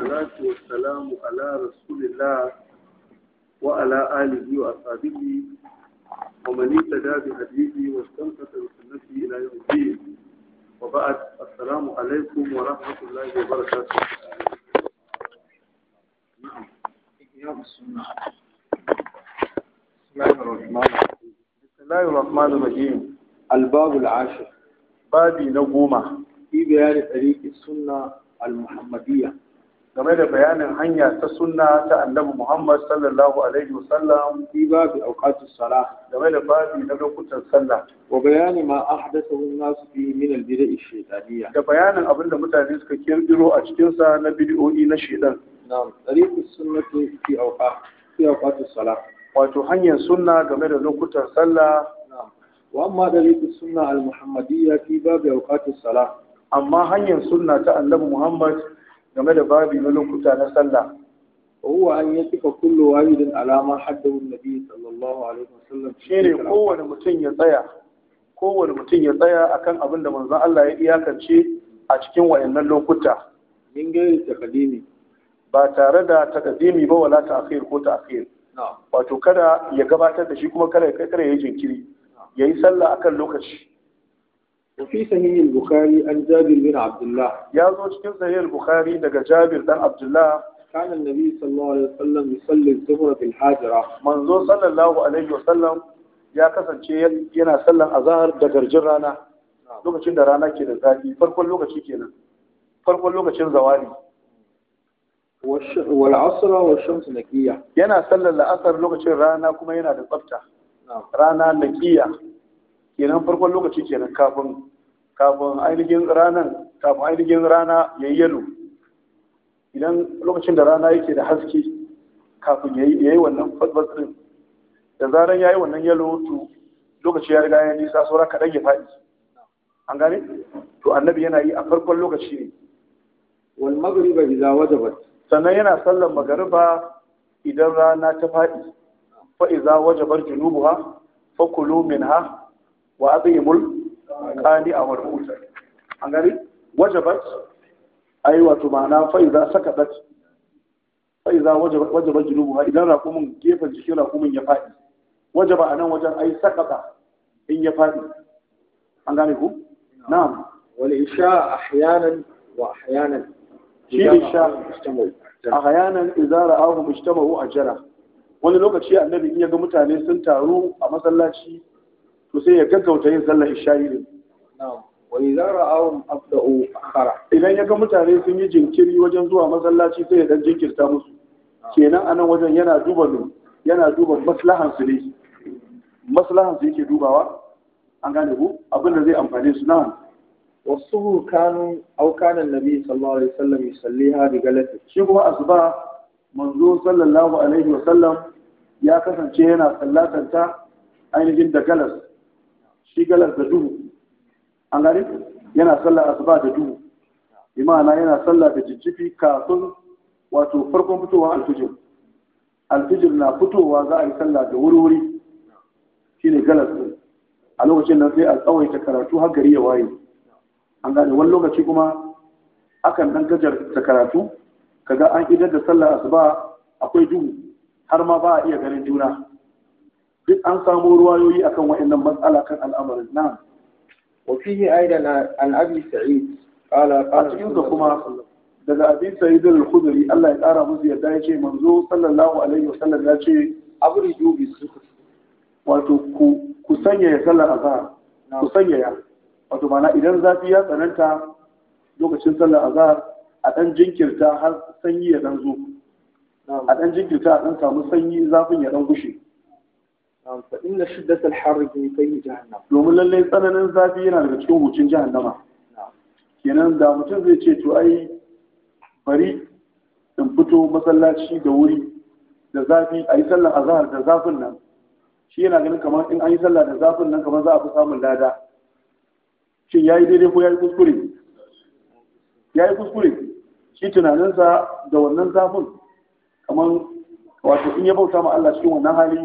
والصلاة والسلام على رسول الله وعلى آله وأصحابه ومن اهتدى بهديه واستمسك بسنته إلى يوم الدين وبعد السلام عليكم ورحمة الله وبركاته نعم. بسم الله الرحمن الرحيم الباب العاشر بابي نجومة في بيان طريق السنة المحمدية game da bayanin hanya ta sunna ta annabi Muhammad sallallahu alaihi wa sallam, fi babu awqatus salah game da babu na lokutan sallah wa bayani ma ahdathahu an-nas fi min al-bid'i ash-shaytaniyya da bayanin abinda mutane suka kirkiro a cikin sa na bid'o'i na shaytan na'am tariqus sunnati fi awqat fi awqatus salah wato hanyar sunna game da lokutan sallah na'am wa amma tariqus sunna al-muhammadiyya fi babu awqatus salah amma hanyar sunna ta annabi Muhammad game da babi na lokuta na sallah وهو أن يقف كل واحد على alama حده النبي صلى الله عليه وسلم شيء kowane mutum ya tsaya kowane mutum ya tsaya akan abin da manzon Allah ya iyakance a cikin wayannan lokuta min gairi takadimi ba tare da takadimi ba wala ta'khir ko ta'khir wato kada ya gabatar da shi kuma kada ya kai kada ya jinkiri yayi sallah akan lokaci وفي صحيح البخاري عن جابر بن عبد الله يا زوج كيف صحيح البخاري دقى جابر بن عبد الله كان النبي صلى الله عليه وسلم يصلي الظهر في الحاجرة منظور صلى الله عليه ya kasance yana sallan azahar da garjin rana lokacin da rana ke da zafi farkon lokaci kenan farkon lokacin zawali wal asra wa shamsu naqiya yana sallan la'asar lokacin rana kuma yana da tsafta rana naqiya kenan farkon lokaci kenan kafin kafin ainihin ranan kafin ainihin rana ya yi yalo idan lokacin da rana yake da haske kafin ya yi wannan fatfatsin da zaran ya yi wannan yalo to lokaci ya riga ya nisa saura kaɗan ya faɗi an gane to annabi yana yi a farkon lokaci ne wal magriba idza wajabat sannan yana sallar magariba idan rana ta faɗi fa idza wajabat junubuha fa kulu minha wa azimul qani a wani mutar an gari wajabat ai wato ma'ana Faiza idza sakatat fa waje wajabat wajabat ha idan raqumin gefen jikin raqumin ya fadi wajaba anan wajen ai sakata in ya fadi an gane ku na'am wal isha ahyanan wa ahyanan shi isha ahyanan idza ra'ahu mujtama'u ajara wani lokaci annabi in ya ga mutane sun taru a masallaci to sai ya gaggauta yin sallar isha'i din wa idza ra'awhum abda'u akhara idan ya ga mutane sun yi jinkiri wajen zuwa masallaci sai ya dan jinkirta musu kenan anan wajen yana duba yana duba maslahan su ne maslahan su yake dubawa an gane ku abin da zai amfane su nan wasu kanu aukanan nabi sallallahu alaihi wasallam yusalliha bi galati shi kuma asuba manzo sallallahu alaihi wasallam ya kasance yana sallatanta ainihin da galas shi galar da duhu an gani yana sallar asuba da duhu Imana yana sallar da jijjifi kafin wato farkon fitowar alfijir alfijir na fitowa za a yi sallar da wuri-wuri ne galas su a lokacin nan sai a tsawaita karatu har gari ya waye an gani wani lokaci kuma akan dan gajar ta karatu kaga an idar da sallar asuba akwai duhu har ma ba a iya ganin juna duk an samu ruwayoyi akan wa'annan matsala kan al'amarin nan wafi fihi a an abi sa'id qala a cikin ka kuma daga abin sa'id al-khudri Allah ya tsara musu yadda yake manzo sallallahu alaihi wasallam ya ce abriju bi sukut wato ku ku sanya ya sallar azhar ku sanya ya wato mana idan zafi ya tsananta lokacin sallar azhar a dan jinkirta har sanyi ya dan zo a dan jinkirta a dan samu sanyi zafin ya dan gushe fa kai domin lallai tsananin zafi yana daga cikin jahannama kenan da mutum zai ce to ai bari in fito masallaci da wuri da zafi a yi azahar da zafin nan shi yana ganin kamar in an yi da zafin nan kamar za a fi samun lada shin ya yi daidai ko ya yi wato in ya bauta ma Allah cikin wannan hali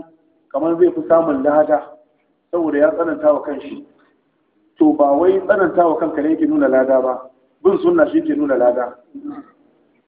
kamar zai fi samun lada saboda ya tsananta wa kanshi to ba wai tsananta wa kanka ne yake nuna lada ba bin sunna shi ke nuna lada